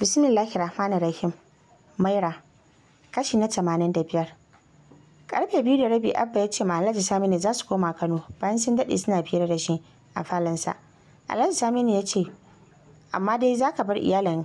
bismillahi rahmanir rahim maira kashi na tamanin da biyar karfe biyu da rabi abba ya ce ma alhaji saminu za su koma kano bayan sun daɗe suna fira da shi a falansa alhaji saminu ya ce amma dai za ka bar iyalin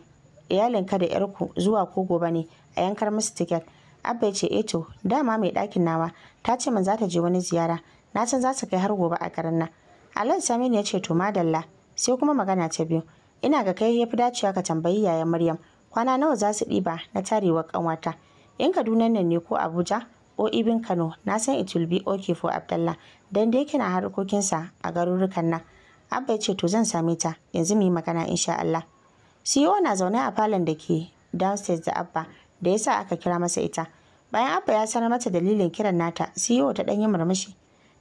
iyalinka da yarku zuwa ko gobe ne a yankar musu tiket abba ya ce eto eh dama mai ɗakin nawa ta ce min za ta je wani ziyara na san za su kai har gobe a garin nan alhaji saminu ya ce to madalla sai kuma magana ta biyu ina ga kai ya fi dacewa ka tambayi yaya Maryam kwana nawa za su ɗiba na tarewa kanwata in Kaduna nan ne ko Abuja ko Ibin Kano na san it will be okay for Abdallah dan dai harkokin harkokinsa a garurukan nan Abba ya ce to zan same ta yanzu mu yi magana insha Allah CEO na zaune a falon da ke downstairs da Abba da yasa aka kira masa ita bayan Abba ya sanar mata dalilin kiran nata CEO ta ɗan yi murmushi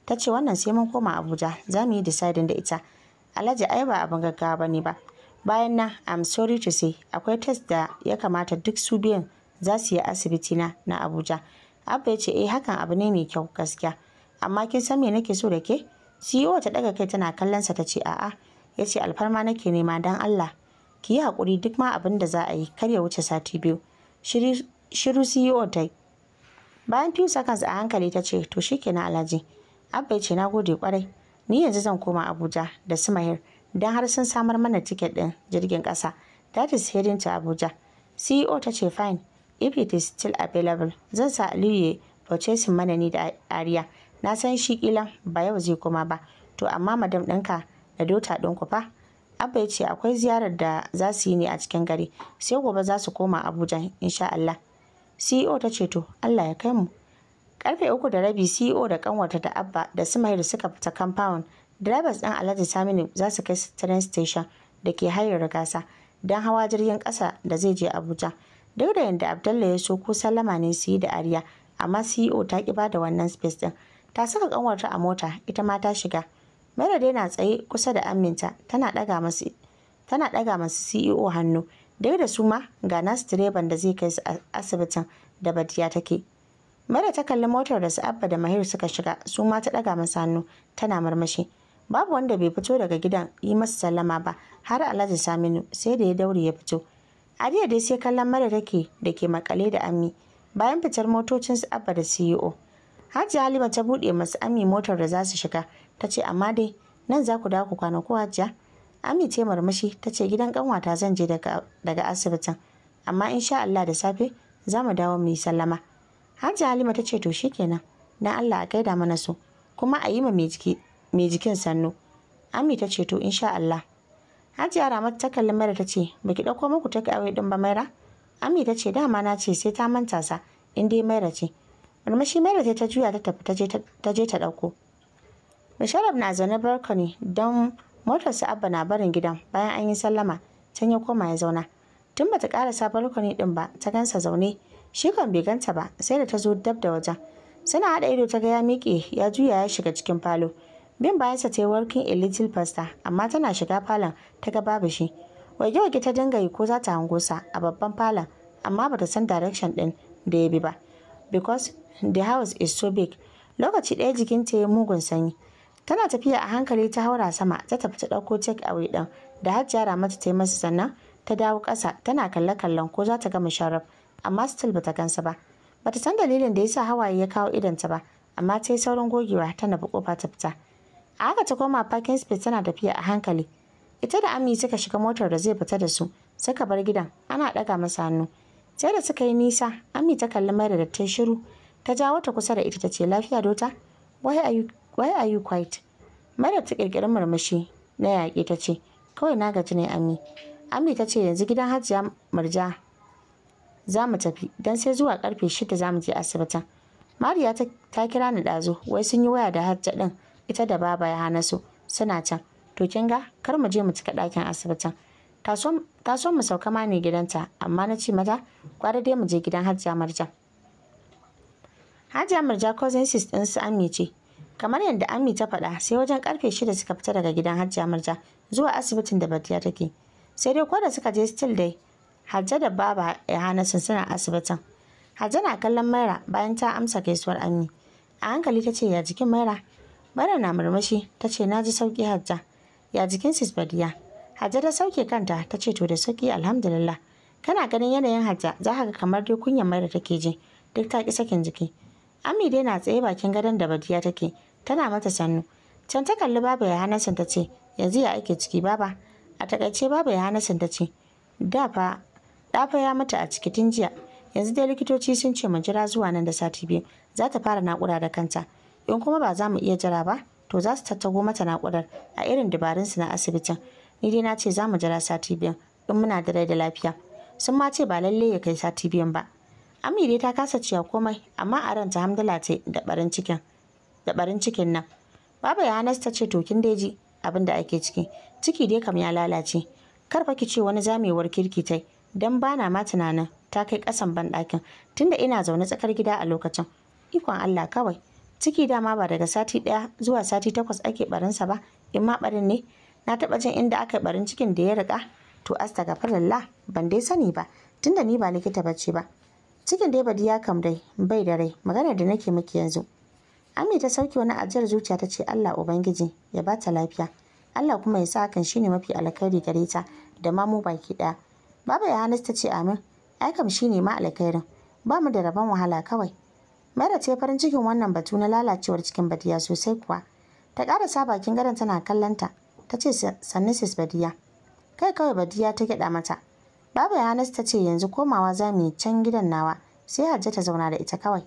ta ce wannan sai mun koma Abuja za mu yi deciding da ita Alhaji ai ba abin gaggawa ne ba Bayan na I'm sorry to say, akwai test da ya kamata duk su biyan za su yi asibiti na na Abuja. Abba ya ce, eh hakan abu ne mai kyau gaskiya. Amma kin san me nake so da ke? CEO ta daga kai tana kallon sa ta ce a'a. Ya ce alfarma nake nema dan Allah. Ki yi hakuri duk ma abin da za a yi kar ya wuce sati biyu. Shiru CEO ta yi. Bayan few seconds a hankali ta ce to na Alhaji. Abba ya ce na gode kwarai. Ni yanzu zan koma Abuja da su Mahir don har sun samar mana tiket din jirgin kasa. that is heading to abuja ceo ta ce fine if it is still available zan sa aliyu purchasing mana ni da ariya na san shi kila ba yau zai koma ba to amma madam ɗinka da dota ɗinku fa abba ya ce akwai ziyarar da za su yi ne a cikin gari sai gobe za su koma abuja insha allah ceo ta ce to allah ya kai mu karfe uku da rabi ceo da kanwata da abba da sumayir suka fita compound Drivers ɗin Alhaji Saminu za su kai train station da ke hayar gasa don hawa jirgin ƙasa da zai je Abuja. Duk da yadda Abdallah ya so ko sallama ne su yi da Ariya, amma CEO ta ƙi bada wannan space ɗin. Ta saka ƙanwarta a mota, ita ma ta shiga. Mera dai na tsaye kusa da aminta, tana ɗaga masu tana ɗaga masu CEO hannu. dai da su ma ga nasu direban da zai kai su asibitin da Badiya take. mara ta kalli motar da su Abba da Mahir suka shiga, su ma ta ɗaga masu hannu, tana murmushi. babu wanda bai fito daga gidan yi masa sallama ba har alhaji saminu sai da ya daure ya fito A ariya dai sai kallon mara take da ke makale da ami bayan fitar motocin su abba da ceo hajji halima ta buɗe masu ami motar da za su shiga ta ce amma dai nan za ku dawo ku kwana ko hajjiya ami ce marmashi ta ce gidan kanwata zan je daga asibitin amma in sha Allah da safe za mu dawo mu yi sallama hajji halima ta ce to shikenan dan Allah a gaida mana su kuma a yi ma mai jiki mai jikin sannu ami ta ce to insha Allah Hajiya Ramat ta kalli Maira ta ce baki dauko muku take away din ba Maira Ami ta ce dama na ce sai ta manta sa in dai Maira ce shi Maira ta ta juya ta tafi ta je ta je ta dauko Musharraf na zaune balcony don motarsa Abba na barin gidan bayan an yi sallama can ya koma ya zauna tun bata karasa balcony din ba ta gansa zaune shi kan bai ganta ba sai da ta zo dab da wajen suna haɗa ido ta ga ya miƙe ya juya ya shiga cikin falo bin bayansa ta yi working a little faster amma tana shiga falon ta ga babu shi wage wage ta dinga yi ko za ta hango sa a babban falon amma ba ta san direction din da ya bi ba because the house is so big lokaci ɗaya jikin ta ya mugun sanyi tana tafiya a hankali ta haura sama ta tafi ta ɗauko take away ɗin da jara mata ta yi masa sannan ta dawo ƙasa tana kalle kallon ko za ta gama sharaf amma still bata gansa ba bata san dalilin da yasa hawaye ya kawo ta ba amma ta yi saurin gogewa tana nufi kofa ta fita a haka ta koma parking space tana tafiya a hankali ita da ami suka shiga motar da zai fita da su suka bar gidan ana daga masa hannu sai da suka yi nisa ami ta kalli mai da dattin shiru ta ja wata kusa da ita ta ce lafiya dota why are you, why are you ta kirkiri murmushi na yaƙi ta ce kawai na gaji ne ami ami ta ce yanzu gidan hajiya murja za mu tafi don sai zuwa karfe shida za mu je asibitin mariya ta kira ni ɗazu wai sun yi waya da hajja din. ita da baba ya hana su suna can to kin ga kar mu je mu cika ɗakin asibitin ta so mu sauka ma ne gidanta amma na ce mata kwara dai mu je gidan hajiya marja hajiya marja cousin sis ɗin su ami ce kamar yadda ami ta faɗa sai wajen karfe shida suka fita daga gidan hajiya marja zuwa asibitin da batiya take sai dai ko da suka je still dai hajja da baba ya hana suna asibitin hajja na kallon maira bayan ta amsa gaisuwar ami a hankali ta ce ya jikin maira Bara na murmushi ta ce na ji sauki hajja. Ya jikin badiya? Hajja ta sauke kanta ta ce to da sauki alhamdulillah. Kana ganin yanayin hajja za ka ga kamar dai kunyan mai da take ji duk ta ki sakin jiki. Ami dai na tsaye bakin gadon da badiya take tana mata sannu. Can ta kalli baba ya hanasin ta ce yanzu ya ake ciki baba. A takaice baba ya hanasin ta ce da dafa ya mata a ciki tun jiya yanzu dai likitoci sun ce mu jira zuwa nan da sati biyu za ta fara naƙura da kanta. in kuma ba za mu iya jira ba to za su tattago mata naƙudar a irin dabarunsu na asibitin ni dai na ce za mu jira sati biyan in muna da rai da lafiya sun ma ce ba lalle ya kai sati biyan ba ami dai ta kasa cewa komai amma a ranta hamdala ce da barin cikin da barin cikin nan baba yanas ta ce to kin daji ji abin da ake ciki ciki dai kam ya lalace kar fa ki ce wani zamewar kirki tai dan bana ma tunanin ta kai kasan banɗakin tunda ina zaune tsakar gida a lokacin ikon Allah kawai ciki dama ba daga sati ɗaya zuwa sati takwas ake barinsa ba in ma barin ne na taɓa jin inda aka barin cikin da ya riƙa to astagfirullah ban dai sani ba tunda ni ba likita bace ba cikin dai ya kam dai bai da rai magana da nake miki yanzu ami ta sauke wani ajiyar zuciya ta ce allah ubangiji ya ba ta lafiya allah kuma ya sa hakan shine mafi alkhairi gare ta da ma mu baki ɗaya baba ya ta ce amin ai kam shine ma alkhairin ba mu da rabon wahala kawai Maida ce farin cikin wannan batu na lalacewar cikin Badiya sosai kuwa. Ta ƙara sa bakin gadon tana kallonta. Ta ce sannu sis Badiya. Kai kawai Badiya ta gyaɗa mata. Baba Yanas ta ce yanzu komawa za mu yi can gidan nawa sai Hajja ta zauna da ita kawai.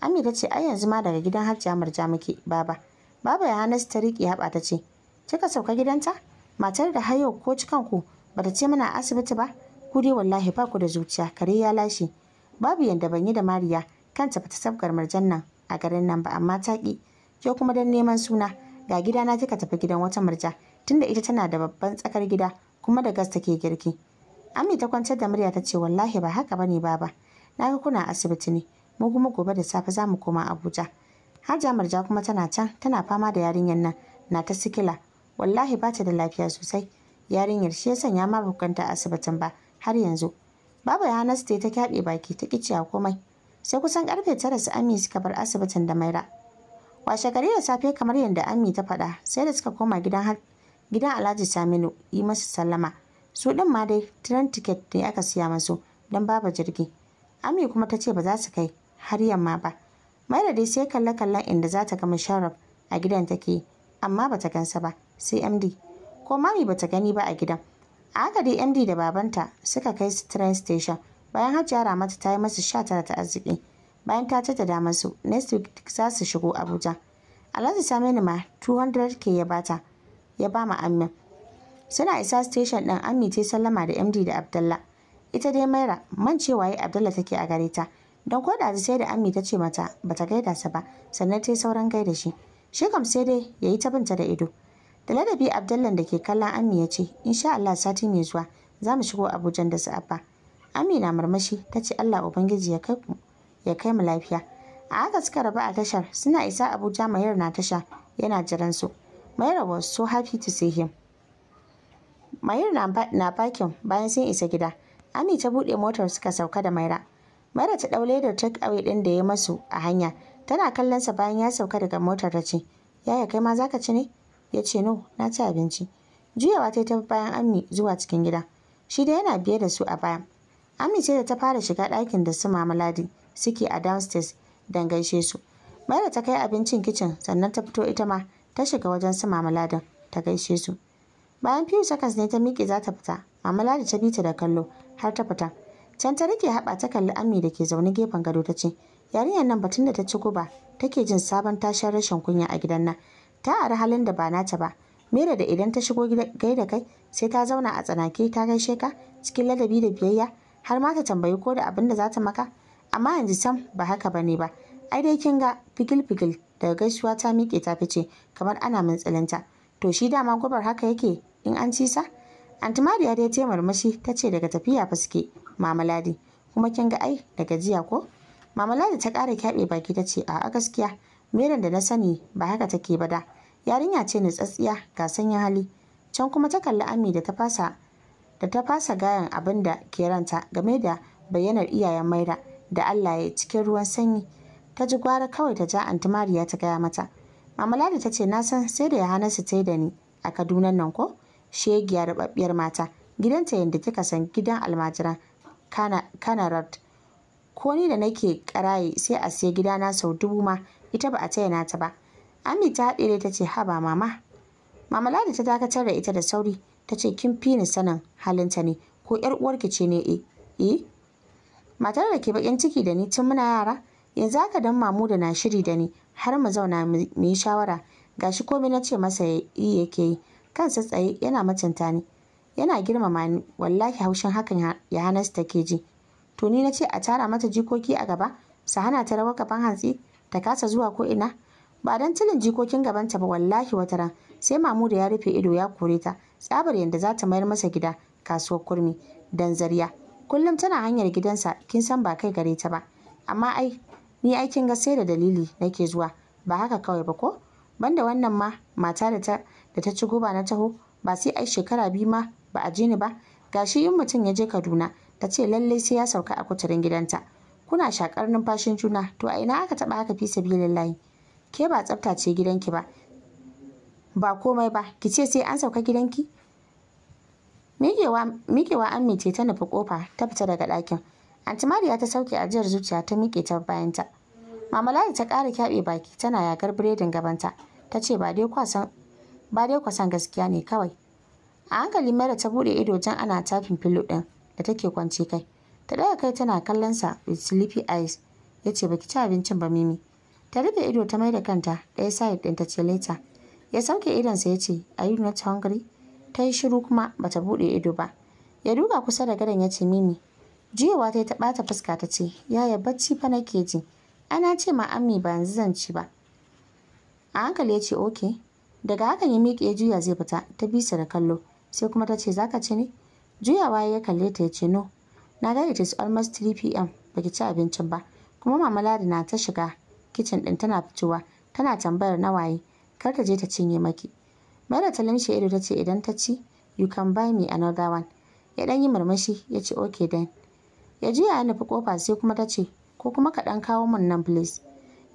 Ami ce ai yanzu ma daga gidan Hajja Murja muke baba. Baba Yanas ta riƙe haɓa ta ce kika sauka gidanta? Matar da hayo ko cikan ku bata ce mana asibiti ba? Ku dai wallahi ba ku da zuciya kare ya lashe. Babu yanda ban yi da Mariya kanta bata sabgar marjannan a garin nan ba amma ta ki ke kuma dan neman suna ga gida na kika tafi gidan wata murja tunda ita tana da babban tsakar gida kuma da gas take girki Ami ta kwantar da murya ta ce wallahi ba haka bane baba na ga kuna asibiti ne mu kuma gobe da safe za mu koma Abuja haja Marja kuma tana can tana fama da yarinyar nan na ta sikila wallahi ba ta da lafiya sosai yarinyar shi ya sanya ma bukanta asibitin ba har yanzu Baba Yohanas ta ta kyaɓe baki ta ƙi komai sai kusan karfe tara su ami suka bar asibitin da maira washe gari da safe kamar yadda ami ta faɗa sai da suka koma gidan gidan alhaji saminu yi masa sallama su ɗin ma dai tren tiket ne aka siya masu don babu jirgi ami kuma ta ce ba za su kai har yamma ba maira dai sai kalle kallon inda za ta ga musharraf a gidan take amma ba ta gansa ba sai md ko mami ba ta gani ba a gidan a haka dai md da babanta suka kai su train station bayan hajiya ramatu ta yi masu sha tara ta arziki bayan ta da masu next week duk za su shigo abuja alhaji saminu ma 200k ya bata ya ba ma amin suna isa station din ammi ta sallama da md da abdalla ita dai maira man cewa yi abdalla take a gare ta don ko da sai da ammi ta ce mata bata gaida sa ba sannan ta yi sauran gaida shi shi kam sai dai ya yi ta binta da ido da ladabi abdallah da ke kallon ammi ya ce insha allah sati mai zuwa za mu shigo abuja da su abba Amina murmushi ta ce Allah Ubangiji ya kai ya kai mu lafiya. A haka suka rabu a tashar suna isa Abuja Mayar na tasha yana jiran su. Mayar was so happy to see him. Mayar na bakin bayan sun isa gida. Ami ta buɗe motar suka sauka da Maira. Maira ta ɗau da take away din da ya masu a hanya. Tana kallon sa bayan ya sauka daga motar ta ce, "Yaya kai ma zaka ci ne?" Ya ce, "No, na ci abinci." Juyawa ta ta bayan Ami zuwa cikin gida. Shi da yana biye da su a baya. Amince da ta fara shiga ɗakin da su Mama Ladi suke a downstairs don gaishe su. Maida ta kai abincin kicin sannan ta fito ita ma ta shiga wajen su Mama Ladin ta gaishe su. Bayan few seconds ne ta miƙe za ta fita, Mama Ladi ta bi ta da kallo har ta fita. Can ta rike haɓa ta kalli Ami da ke zaune gefen gado ta ce, yarinyar nan batun da ta ci guba take jin sabon tashin rashin kunya a gidan nan. Ta ari halin da ba nata ba, Mera da idan ta shigo gaida kai sai ta zauna a tsanake ta gaishe ka cikin ladabi da biyayya har ma ta tambayi ko da abin da za ta maka amma yanzu sam ba haka ba ne ba ai dai kin ga figil figil daga gaisuwa ta miƙe ta fice kamar ana min mintsilinta to shi dama gwabar haka yake in an cisa? sa Mariya dai ta murmushi ta ce daga tafiya fa suke Ladi. kuma kin ga ai da gajiya ko Mama Ladi ta ƙara kyaɓe baki ta ce a'a gaskiya meran da na sani ba haka take ba da yarinya ce ni tsatsiya, ga sanyin hali can kuma ta kalli ami da ta fasa da ta fasa gayan abin da ke ranta game da bayyanar iyayen maida da Allah ya cikin ruwan sanyi ta ji gwara kawai ta ja anti mariya ta gaya mata Ladi ta ce na san sai da ya hana su tai da ni a Kaduna nan ko shegiya rubabbiyar mata gidanta yanda kika san gidan almajira kana kana ko ni da nake karaye sai a sai na sau dubu ma ita ba a taya nata ba ami ta haɗe ta ce haba mama ladi ta dakatar da ita da sauri ta ce kin fi ni sanin halinta ne ko yar uwarki ce ne e e matar da ke bakin ciki da ni tun muna yara yanzu haka dan mamu da na shiri da ni har mu zauna mu yi shawara gashi komai na ce masa yi yake yi kansa tsaye yana mutunta ni yana girmama ni wallahi haushin hakan ya hana su take ji to ni na ce a tara mata jikoki a gaba su hana ta rawa gaban hantsi ta kasa zuwa ko ina ba dan tilin jikokin gabanta ba wallahi wata ran sai mamu ya rufe ido ya kore ta tsabar yadda za ta mayar masa gida kasuwar kurmi dan zariya kullum tana hanyar gidansa kin san ba kai gare ta ba amma ai ni aikin ga sai da dalili nake zuwa ba haka kawai ba ko banda wannan ma mata da ta da ta ci guba na taho ba sai ai shekara biyu ma ba a je ni ba gashi in mutum ya je Kaduna ta ce lallai sai ya sauka a kuturin gidanta kuna shakar numfashin juna to a ina aka taba haka fi sabilillahi ke ba tsaftace ce gidanki ba ba komai ba ki ce sai an sauka gidanki miƙewa an mece ta nufi kofa ta fita daga ɗakin anti ta sauke ajiyar zuciya ta miƙe ta bayanta mama ta kara kyaɓe baki tana yagar biredin gabanta ta ce ba dai kwasan gaskiya ne kawai a hankali mara ta buɗe ido jan ana tafin filo ɗin da take kwance kai ta ɗaya kai tana kallon sa with sleepy eyes ya ce baki ci abincin ba mimi ta rufe ido ta mai da kanta ɗaya side ɗin ta ce leta ya sauke idonsa ya ce are you not hungry ta yi shiru kuma bata buɗe ido ba ya duka kusa da gadon ya ce mimi juyawa ta yi ta ɓata fuska ta ce yaya bacci fa nake ji ana ce ma ammi ba yanzu zan ci ba a hankali ya ce okay daga hakan ya miƙe juya zai fita ta bisa da kallo sai kuma ta ce za ka ci ne juyawa ya kalle ta ya ce no na ga it is almost 3 pm baki ci abincin ba kuma mama ladi na ta shiga kicin ɗin tana fitowa tana tambayar na waye, kar ta je ta cinye maki Maida ta limshe ido ta ce idan ta ci you can buy me another one ya ɗan yi murmushi ya ce okay then ya juya ya nufi kofa sai kuma ta ce ko kuma ka ɗan kawo min nan please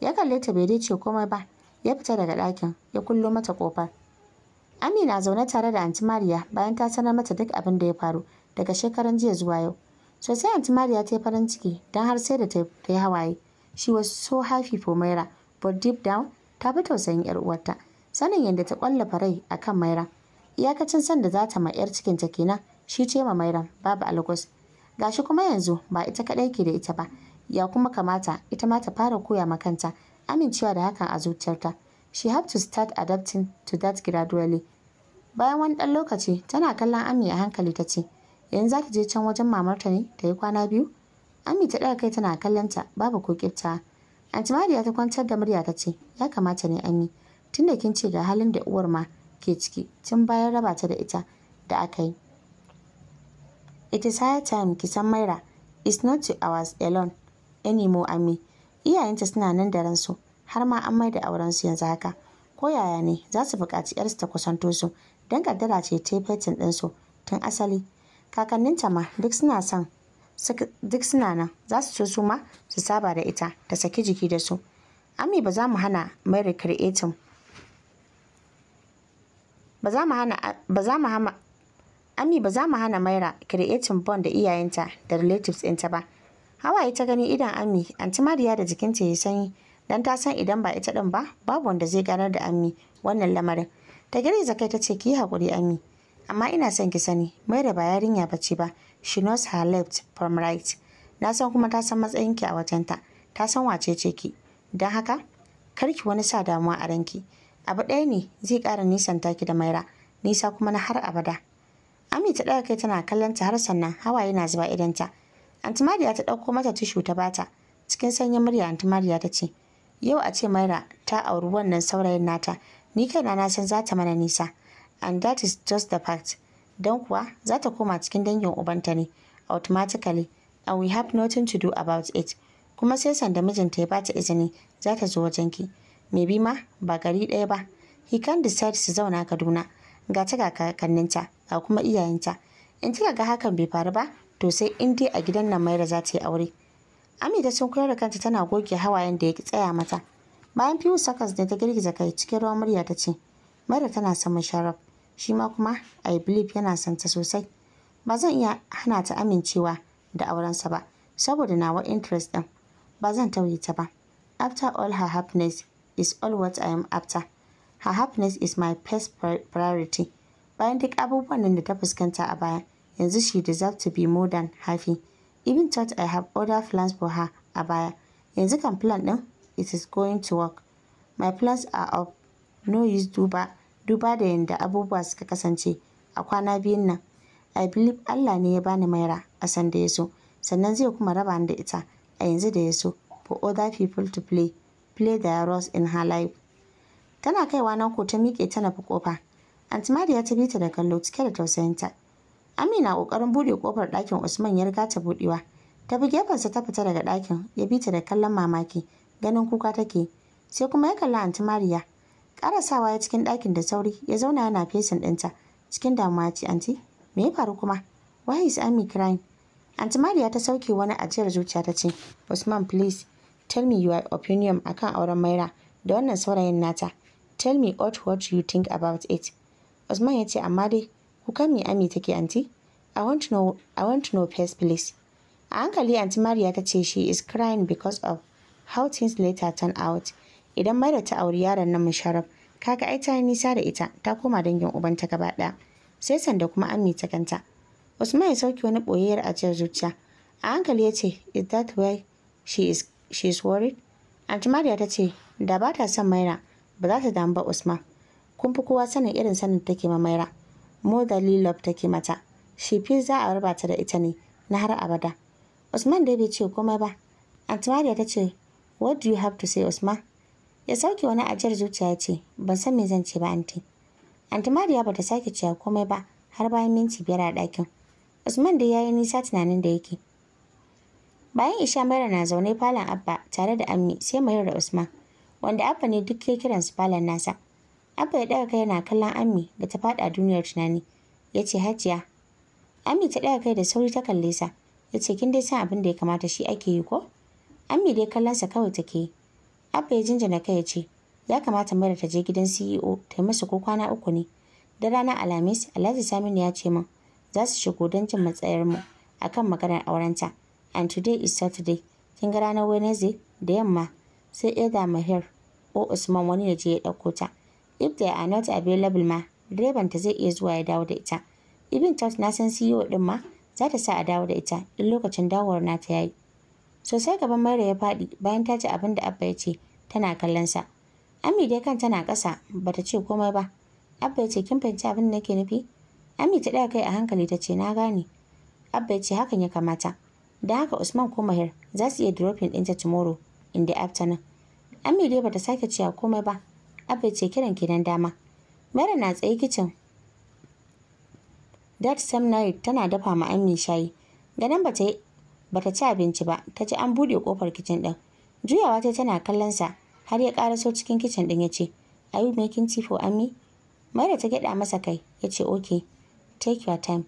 ya kalle ta bai dace komai ba ya fita daga ɗakin ya kullo mata kofar Amina zaune tare da Aunty Mariya bayan ta sanar mata duk abin da ya faru daga shekaran jiya zuwa yau. Sosai Aunty Mariya ta yi farin ciki don har sai da ta yi hawaye. She was so happy for Maira, but deep down, ta fi tausayin 'yar uwarta. Sanin yadda ta ƙwallafa rai a kan Maira. Iyakacin san da za ta ma 'yar cikinta kenan, shi ce ma Maira, babu algos. Gashi kuma yanzu ba ita kaɗai ke da ita ba, ya kuma kamata ita ma ta fara koya ma kanta amincewa da hakan a zuciyarta. She have to start adapting to that gradually. Bayan wani ɗan lokaci, tana kallon Ami a hankali ta ce, yanzu za ta je can wajen mamarta ne ta yi kwana biyu? Ami ta ɗaga kai tana kallon ta babu ko ƙifta. Anti Mariya ta kwantar da murya ta ce, "Ya kamata ne Ami, tunda kin ce ga halin da uwar ma ke ciki tun bayan raba ta da ita da aka yi." It is high time ki san Maira, it's not to ours alone anymore Ami. Iyayenta suna nan da ransu, har ma an mai da aurensu yanzu haka. Ko yaya ne za su buƙaci 'yarsu ta kusanto su, don kaddara ce ta fetin ɗinsu tun asali. Kakanninta ma duk suna son duk suna nan za su so su ma su saba da ita ta saki jiki da su ami ba za mu hana mai recreating ba za mu hana ba za mu hana Ami ba za mu hana Maira creating bond da iyayenta da relatives ɗinta ba. hawa ta gani idan Ami, anti Mariya da jikinta ya sanyi, dan ta san idan ba ita din ba, babu wanda zai ganar da Ami wannan lamarin. Ta girgiza kai ta ce ki hakuri Ami, amma ina son ki sani, Maira ba yarinya bace ba. She knows her left from right. Na san kuma ta san matsayinki a wajenta. Ta ta san wace ce ki. Don haka, kar ki wani sa damuwa a ranki. Abu ɗaya ne zai ƙara nisan taki da Maira, nisa kuma na har abada. Ami ta ɗaga kai tana kallon ta har sannan hawaye na zuba idanta. ta ta ɗauko mata tishu ta bata. Cikin sanyin murya antimariya ta ce, "Yau a ce Maira ta auri wannan saurayin nata, ni kaina na san za ta mana nisa." And that is just the fact. don kuwa za ta koma cikin dangin ubanta ne automatically and we have nothing to do about it kuma sai sanda mijinta ya bata izini za ta zo wajenki maybe ma ba gari ɗaya ba he can decide su zauna kaduna ga ta ga kakanninta ga kuma iyayenta in ta ga hakan bai faru ba to sai in dai a gidan nan maira za ta yi aure ami ta sun da kanta tana goge hawayen da ya tsaya mata bayan few seconds ne ta girgiza kai cikin ruwan murya ta ce maira tana saman musharraf shi ma kuma I believe yana son ta sosai. Ba zan iya hana ta amincewa da aurensa ba saboda nawa interest ɗin. Ba zan tauye ta ba. After all her happiness is all what I am after. Her happiness is my first priority. Bayan duk abubuwan nan da ta fuskanta a baya, yanzu she deserve to be more than happy. Even thought I have other plans for her a baya. Yanzu kan plan ɗin, it is going to work. My plans are of No use duba duba da yadda abubuwa suka kasance a kwana biyun nan i believe allah ne ya bani maira a san da ya so sannan zai kuma raba ni da ita a yanzu da ya so for other people to play play their roles in her life tana kaiwa nan ko ta miƙe ta nufi kofa antimadi ya ta bi ta da kallo cike da tausayinta amina ƙoƙarin buɗe kofar ɗakin usman ya riga ta buɗewa ta bi gefensa ta fita daga ɗakin ya bi ta da kallon mamaki ganin kuka take sai kuma ya kalli Antimariya. Karasawa ya cikin ɗakin da sauri ya zauna yana fesin ɗinta. Cikin damuwa ce, "Anti, me ya faru kuma? Why is Ami crying?" Anti Mariya ta sauke wani ajiyar zuciya ta ce, "Usman, please, tell me your opinion akan auren Maira da wannan saurayin nata. Tell me what, what you think about it." Usman ya ce, "Amma dai, kuka me Ami take, Anti? I want to know, I want to know first, please." A hankali Anti Mariya ta ce, "She is crying because of how things later turn out." idan maida ta auri yaron nan musharraf kaga ai ta nisa da ita ta koma dangin ubanta gaba ɗaya sai sanda kuma ammi ta kanta usman ya sauke wani ɓoyayyar ajiyar zuciya a hankali ya ce is that why she is, worried aunty mariya ta ce da ba ta son maira ba za ta damu ba usman kun fi kowa sanin irin sanin take ma maira more love take mata shi fi za a raba ta da ita ne na har abada usman dai bai ce komai ba aunty mariya ta ce what do you have to say usman ya sauke wani ajiyar zuciya ya ce ban san me zan ce ba anti anti mariya bata sake cewa komai ba har bayan minti biyar a ɗakin usman da yi nisa tunanin da yake bayan isha maira na zaune falon abba tare da ammi sai mayar da usman wanda abba ne duk ya kiran su falon nasa abba ya ɗaga kai yana kallon ammi da ta faɗa duniyar tunani ya ce hajiya ammi ta ɗaga kai da sauri ta kalle sa ya ce kin dai san abin da ya kamata shi ake yi ko ammi dai kallon sa kawai take yi abba ya jinjina kai ya ce ya kamata mara ta je gidan ceo ta yi masa ko kwana uku ne da rana alhamis alhaji saminu ya ce min za su shigo don jin matsayar mu akan maganar aurenta and today is saturday kin ga ranar wednesday da yamma sai eda mahir ko usman wani ya je ya ɗauko ta if they are not available ma direban ta zai iya zuwa ya dawo da ita ibin tot na san ceo din ma za ta sa a dawo da ita in lokacin dawowar ta yayi Sosai gaban Maira ya faɗi bayan ta ci abin da Abba ya ce tana kallonsa. Ami dai kan tana ƙasa ba ta ce komai ba. Abba ya ce kin fahimci abin da nake nufi? Ami ta ɗaya kai a hankali ta ce na gane. Abba ya ce hakan ya kamata. Da haka Usman ko Mahir za su iya dropping ɗinta tomorrow in the afternoon. Ami dai bata sake cewa komai ba. Abba ya ce kiran kenan dama. Mara na tsaye kicin. That same night tana dafa ma Ami shayi. Ganin ta yi bata ci abinci ba ta ji an buɗe ƙofar kicin ɗin juyawa ta tana kallon sa har ya ƙaraso cikin kicin ɗin ya ce are you making tea for ami maida ta gyaɗa masa kai ya ce okay take your time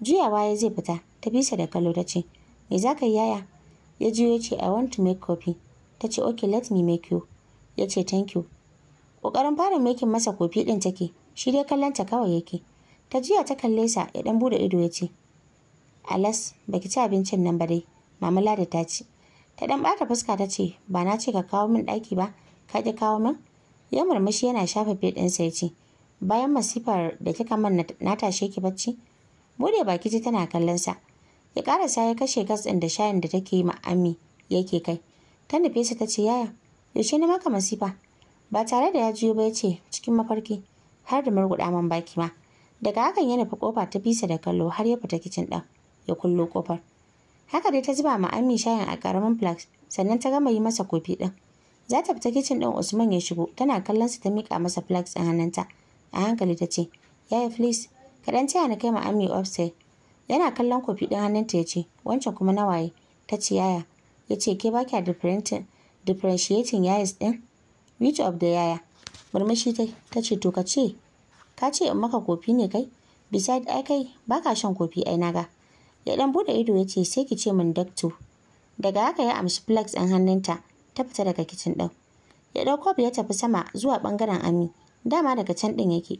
juyawa ya zai fita ta bisa da kallo ta ce me za ka yi yaya ya juyo ya ce i want to make coffee ta ce okay let me make you ya ce thank you ƙoƙarin fara mekin masa kofi ɗin take shi dai kallon ta kawai yake ta jiya ta kalle sa ya ɗan buɗe ido ya ce alas baki ci abincin nan ba dai mama lada ta ci ta dan bata fuska ta ce ba na ce ka kawo min ɗaki ba ka ki kawo min ya murmushi yana shafa feɗinsa sai ce bayan masifar da kika man na tashe ki bacci bude baki ji tana kallon sa ya karasa ya kashe gas din da shayin da take yi ami yake kai ta nufe sa ta ce yaya yaushe ne maka masifa ba tare da ya juyo ba ya ce cikin mafarki har da murguɗa man baki ma daga hakan ya nufi kofa ta bisa da kallo har ya fita kicin ɗin ya kullo kofar haka dai ta zuba ma Ami shayin a karamin flask sannan ta gama yi masa kofi ɗin? za ta fita kicin ɗin Usman ya shigo tana kallon sa ta mika masa flask ɗin hannunta a hankali ta ce yaya please ka dan taya ni kai ma Ami yana kallon kofi ɗin hannunta ya ce wancan kuma na waye ta ce yaya ya ce ke ba kya differentiating yayas ɗin which of the yaya murmushi ta ce to ka ce ka ce in maka kofi ne kai beside ai kai baka shan kofi ai ga. ya dan bude ido ya ce sai ki ce min dakto daga haka ya amshi flax ɗin hannunta ta fita daga kicin ɗin ya ɗauko ya tafi sama zuwa ɓangaren ami dama daga can ɗin yake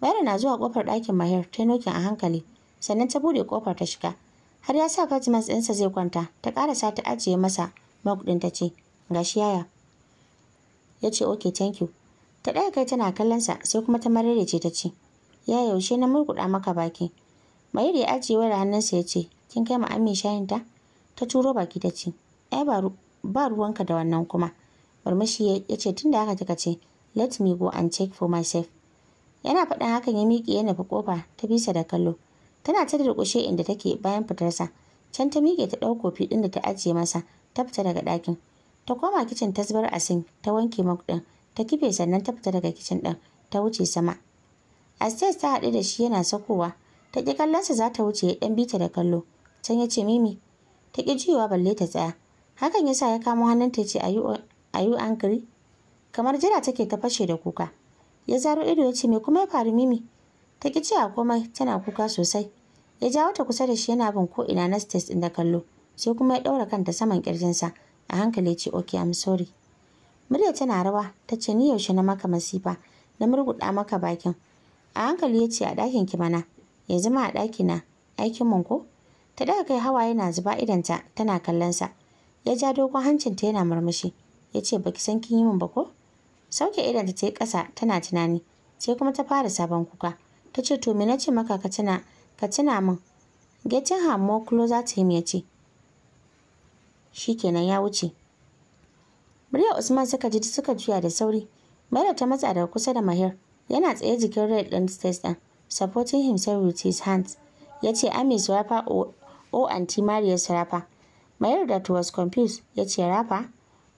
Bayra na zuwa ƙofar ɗakin Mahir ta nokin a hankali sannan ta buɗe kofar ta shiga har ya sa Fatmas ɗinsa zai kwanta ta ƙarasa ta ajiye masa makudin ɗin ta ce gashi yaya ya ce okay thank you ta ɗaya kai tana kallonsa sai kuma ta mararece ta ce ya yaushe na murkuɗa maka baki Mahir ya ajiye wayar hannunsa ya ce, Kin kai ma amin shayin ta? Ta turo baki ta ce, Ai ba ruwanka da wannan kuma. Murmushi ya ce tunda haka kika ce, Let me go and check for myself. Yana faɗin hakan ya miƙe ya nufi ƙofa ta bisa da kallo. Tana ta da durƙushe inda take bayan fitarsa. Can ta miƙe ta ɗau kofi ɗin da ta ajiye masa, ta fita daga ɗakin. Ta koma kicin ta zubar asin, ta wanke mok ɗin, ta kife sannan ta fita daga kicin ɗin, ta wuce sama. Astes ta haɗu da shi yana sakowa, ta ƙi kallonsa za ta wuce ya ɗan ta da kallo can ya ce mimi ta ƙi juyawa balle ta tsaya hakan ya sa ya kamo hannunta ya ce a yi ankiri kamar jira take ta fashe da kuka ya zaro ido ya ce mai kuma ya faru mimi ta ƙi cewa komai tana kuka sosai ya jawo ta kusa da shi yana bin ko ina na stage ɗin da kallo sai kuma ya ɗaura kanta saman ƙirjinsa a hankali ya ce okay I'm sorry murya tana rawa ta ce ni yaushe na maka masifa na murguɗa maka bakin a hankali ya ce a ɗakin ki mana Ya zama a ɗakina aikin mun ko ta daga kai hawa yana zuba idanta tana kallonsa ya ja dogon hancinta yana murmushi ya ce baki san kin yi min ba ko sauke idanta ta yi ƙasa tana tunani sai kuma ta fara sabon kuka ta ce to me na ce maka ka tuna ka tuna min getin hamo closer to him ya ce Shi kenan ya wuce murya usman suka ji suka juya da sauri maida ta matsa daga kusa da mahir yana tsaye jikin red ɗin stage ɗin supporting himself with his hands, ya ce Amis is rapper or, or Auntie rapper. Mayar that was confused, ya ce rapper.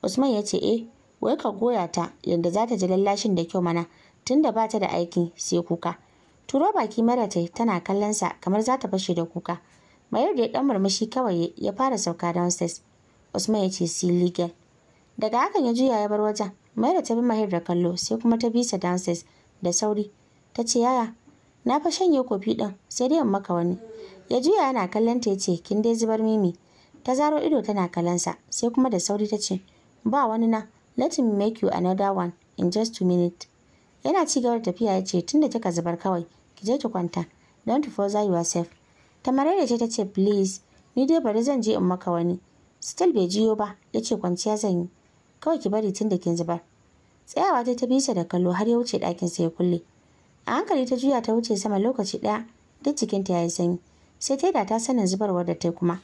Usman ya ce eh, wai ka goya ta yadda za ta ji lallashin da kyau mana tunda ba ta da aiki sai kuka. Turo baki mara ta tana kallon sa kamar za ta fashe da kuka. Mayar da ya dan murmushi kawai ya fara sauka downstairs. Usman ya ce silly girl. Daga hakan ya juya ya bar wajen. Mayar ta bi Mahir da kallo sai kuma ta bisa downstairs da sauri. Ta ce yaya na fa shanye kofi ɗin sai dai in maka wani ya juya yana kallon ta yace kin dai zubar mimi ta zaro ido tana kallonsa sai kuma da sauri ta ce ba wani na let me make you another one in just two minutes yana ci gaba da tafiya ya ce tunda kika zubar kawai ki je ki kwanta don't further yourself da ce ta ce please ni dai bari zan je in maka wani still bai jiyo ba ya ce kwanciya zan yi kawai ki bari tunda kin zubar tsayawa ta ta bisa da kallo har ya wuce ɗakin sa ya kulle a hankali ta juya ta wuce sama lokaci ɗaya duk jikinta ya yi sanyi sai ta yi da ta sanin zubarwar da ta kuma